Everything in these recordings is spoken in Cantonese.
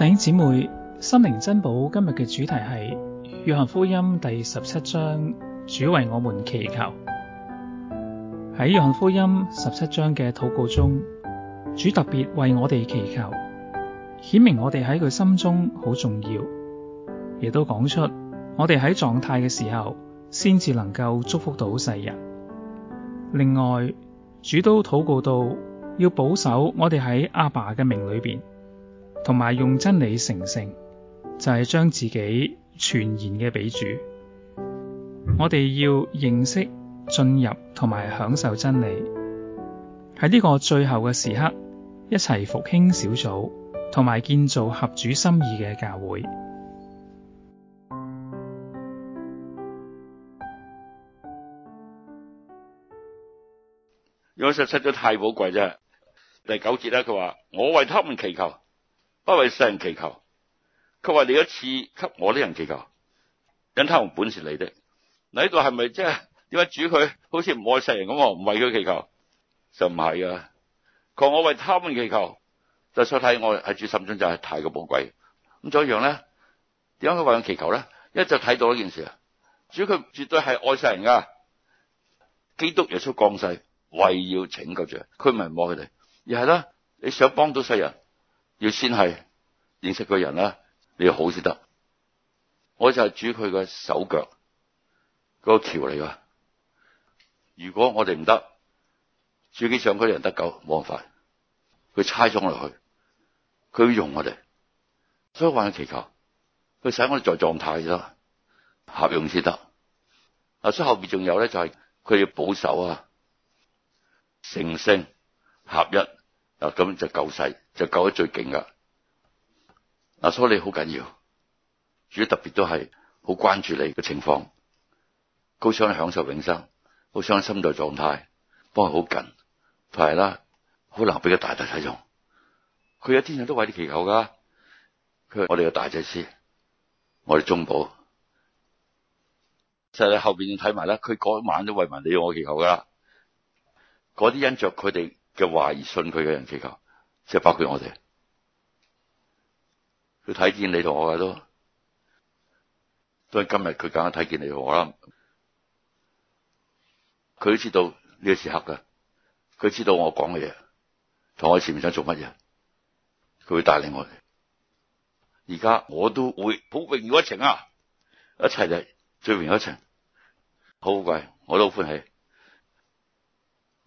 弟兄姊妹，心靈珍寶今日嘅主題係《約翰福音》第十七章，主為我們祈求。喺《約翰福音》十七章嘅禱告中，主特別為我哋祈求，顯明我哋喺佢心中好重要，亦都講出我哋喺狀態嘅時候，先至能夠祝福到世人。另外，主都禱告到要保守我哋喺阿爸嘅名裏面。同埋用真理成聖，就係將自己傳言嘅俾主。我哋要認識、進入同埋享受真理，喺呢個最後嘅時刻，一齊復興小組，同埋建造合主心意嘅教會。因為實實在太寶貴啫。第九節啦，佢話我為他們祈求。不為世人祈求，卻為你所賜給我的人祈求，因他們本是你的。你呢度係咪即係點解主佢好似唔愛世人咁？唔為佢祈求就唔係啊。佢話我為他們祈求，就想睇我係主心中就係太過寶貴。咁仲一樣咧，點解佢為人祈求咧？一就睇到呢件事啊，主佢絕對係愛世人噶。基督耶穌降世為要拯救罪人，佢唔係唔愛佢哋，而係咧你想幫到世人。要先係認識個人啦，你要好先得。我就係主佢嘅手腳，個橋嚟噶。如果我哋唔得，主幾上區人得救，冇辦法，佢差咗我落去，佢要用我哋。所以話祈求，佢使我哋在狀態啫，合用先得。啊，所以後邊仲有咧，就是，就係佢要保守啊，成聖合一。嗱咁就救世，就救得最勁噶。嗱，所以你好緊要，主要特別都係好關注你嘅情況，好想享受永生，好想心在狀態，不過好近，係啦，好難俾個大大睇重。佢有天性都為你祈求噶。佢係我哋嘅大祭司，我哋中保，就係、後面你後後邊睇埋啦，佢嗰晚都為埋你我祈求噶。嗰啲恩著佢哋。嘅話而信佢嘅人祈求，即係包括我哋。佢睇見你同我嘅都，當然今日佢更加睇見你同我啦。佢都知道呢個時刻噶，佢知道我講嘅嘢，同我前面想做乜嘢，佢會帶領我哋。而家我都會好榮耀一程啊，一齊就最榮耀一程，好貴，我都好歡喜。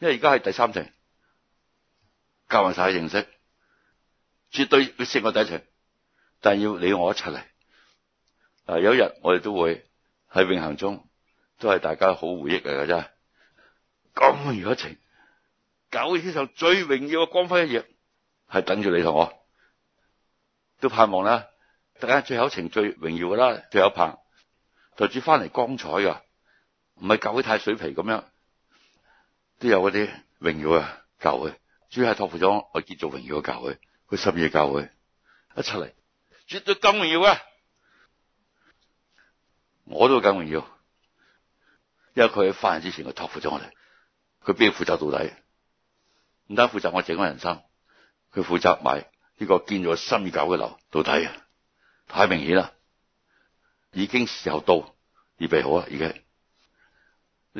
因為而家係第三程，交換晒認識，絕對要勝過第一程，但係要你要我一齊嚟。嗱，有一日我哋都會喺永恆中，都係大家好回憶嚟噶啫。咁樣一程，九天上最榮耀嘅光輝一夜，係等住你同我，都盼望啦。大家最後一程最榮耀噶啦，最有盼，抬住翻嚟光彩噶，唔係搞啲太水皮咁樣。都有嗰啲榮耀啊，教會主要係託付咗我建造榮耀嘅教會，佢深嘅教會，他意教會一出嚟，絕對咁榮耀啊！我都咁榮耀，因為佢喺發言之前，佢託付咗我哋，佢必須負責到底，唔單負責我整個人生，佢負責埋呢個建造深教嘅樓到底，太明顯啦，已經時候到，預備好啦，而家。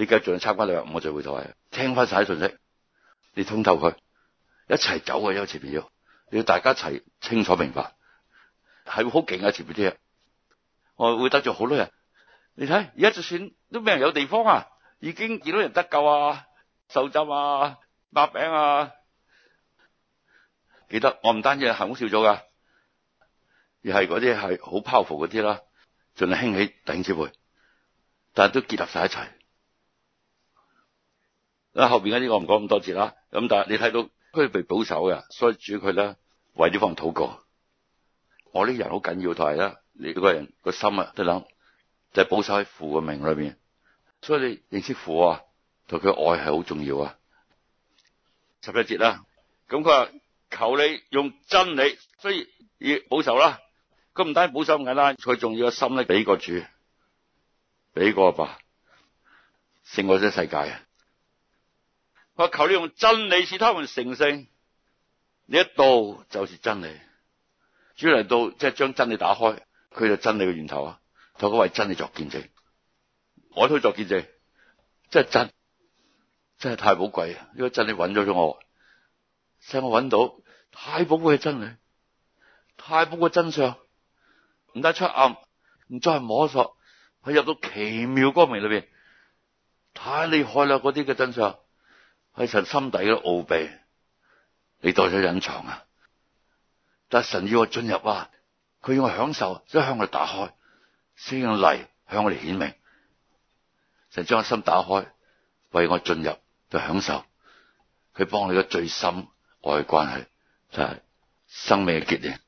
你繼續去參加兩日我就聚會台，聽翻晒啲信息，你通透佢一齊走啊！因為前面要你要大家一齊清楚明白，係好勁啊！前面啲嘢我會得罪好多人。你睇而家就算都冇人有地方啊，已經見到人得救啊、受浸啊、擘餅啊，記得？我唔單止係行好少咗㗎，而係嗰啲係好 powerful 嗰啲啦，盡量興起第二次會，但係都結合晒一齊。嗱，後邊嗰啲我唔講咁多節啦。咁但係你睇到佢被保守嘅，所以主佢咧為呢方禱告。我啲人好緊要就係咧，你這個人個心啊都諗就係、是、保守喺父嘅名裏邊。所以你認識父啊同佢愛係好重要啊。十一節啦，咁佢話求你用真理，所以要保守啦。佢唔單保守咁簡單，佢仲要個心咧俾個主，俾個阿爸勝過啲世界啊！我求你用真理使他們成聖，你嘅道就是真理，主嚟到即係將真理打開，佢就是真理嘅源頭啊！同佢為真理作見證，我都作見證，真係真，真係太寶貴啊！呢個真理揾咗咗我，使我揾到太寶貴嘅真理，太寶貴真相，唔得出暗，唔再摸索，佢入到奇妙的光明裏邊，太厲害啦！嗰啲嘅真相。係神心底嘅奧秘，你代咗隱藏啊！但神要我進入啊，佢要我享受，即係向我哋打開，先用嚟向我哋顯明。神將我心打開，為我進入就享受，佢幫你嘅最深愛嘅關係就係、是、生命嘅結論。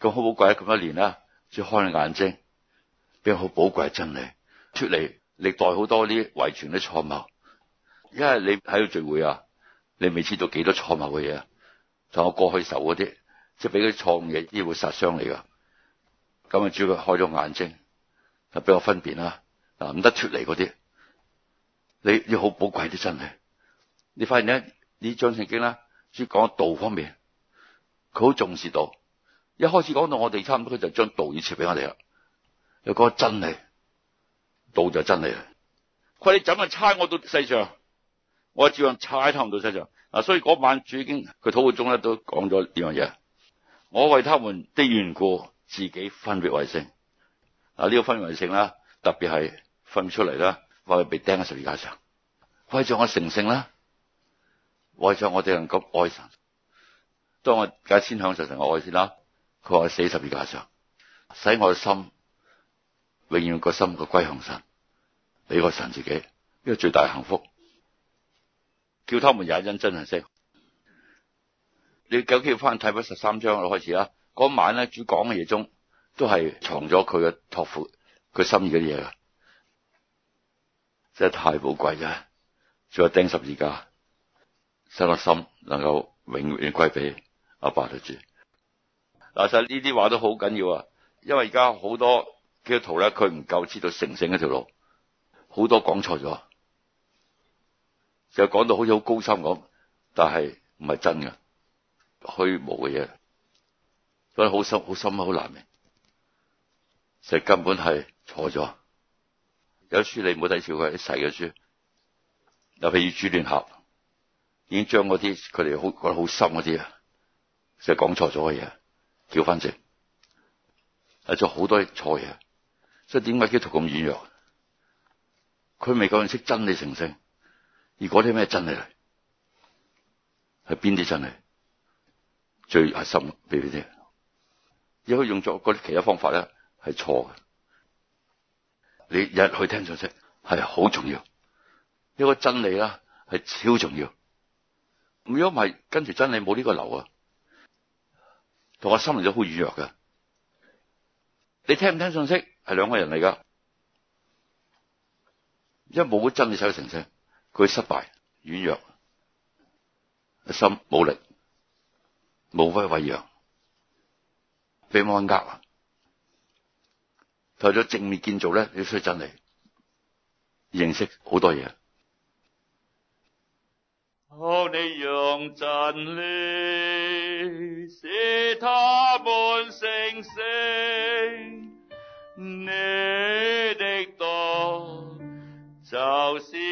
咁好寶貴啊！咁多年啦，先開你眼睛，變好寶貴真理，出嚟，歷代好多啲遺傳嘅錯謬。因為你喺度聚會啊，你未知道幾多錯誤嘅嘢，啊。就我過去受嗰啲，即係俾嗰啲錯誤嘢，啲會殺傷你噶。咁啊，主佢開咗眼睛，就俾我分辨啦，嗱，唔得脫離嗰啲，你要好寶貴啲真理。你發現咧，你將聖經咧，主講道方面，佢好重視道。一開始講到我哋，差唔多佢就將道要賜俾我哋啦，又講真理，道就是真理啊。佢，你怎樣差我到世上，我照樣差他們到世上，啊，所以嗰晚主已經佢禱告中咧都講咗呢樣嘢，我為他們的緣故，自己分別為聖，啊，呢、呢個分別為聖啦，特別係，分唔出嚟啦，話佢被釘喺十字架上，為咗我成聖啦，為咗我哋能夠愛神，當我而家先享受神嘅愛先啦，佢話死十字架上，使我嘅心永遠個心嘅歸向神，俾個神自己，呢個最大幸福。叫他們也因真理成聖。你究竟要翻睇翻十三章開始啦，嗰晚咧主講嘅嘢中，都係藏咗佢嘅託付，佢心意嘅嘢噶，真係太寶貴啦！仲有釘十字架，使個心能夠永遠歸俾阿爸嚟住。嗱，其實呢啲話都好緊要啊，因為而家好多基督徒咧，佢唔夠知道成聖嗰條路，好多講錯咗。就講到好似好高深咁，但係唔係真嘅虛無嘅嘢，所以好深、好深、好難明，其實根本係錯咗。有書你唔好睇少佢啲細嘅書，特別以朱點合，已經將嗰啲佢哋好覺得好深嗰啲啊，就講錯咗嘅嘢，調翻正，啊，咗好多錯嘢，所以點解基督徒咁軟弱？佢未夠認識真理成聖。而嗰啲咩真理嚟？係邊啲真理？最核心，俾俾你聽。如果用作嗰啲其他方法咧，係錯嘅。你日去聽信息係好重要，一個真理啦係超重要。如果唔係，跟住真理冇呢個流啊，同我心靈就好軟弱嘅。你聽唔聽信息係兩個人嚟噶，一冇真理使嘅成聖。佢失敗、軟弱、心無力、無威威揚，俾人呃。有咗正面建造咧，要需要真理，認識好多嘢。靠你用真理，使他們成聖。你的道就是。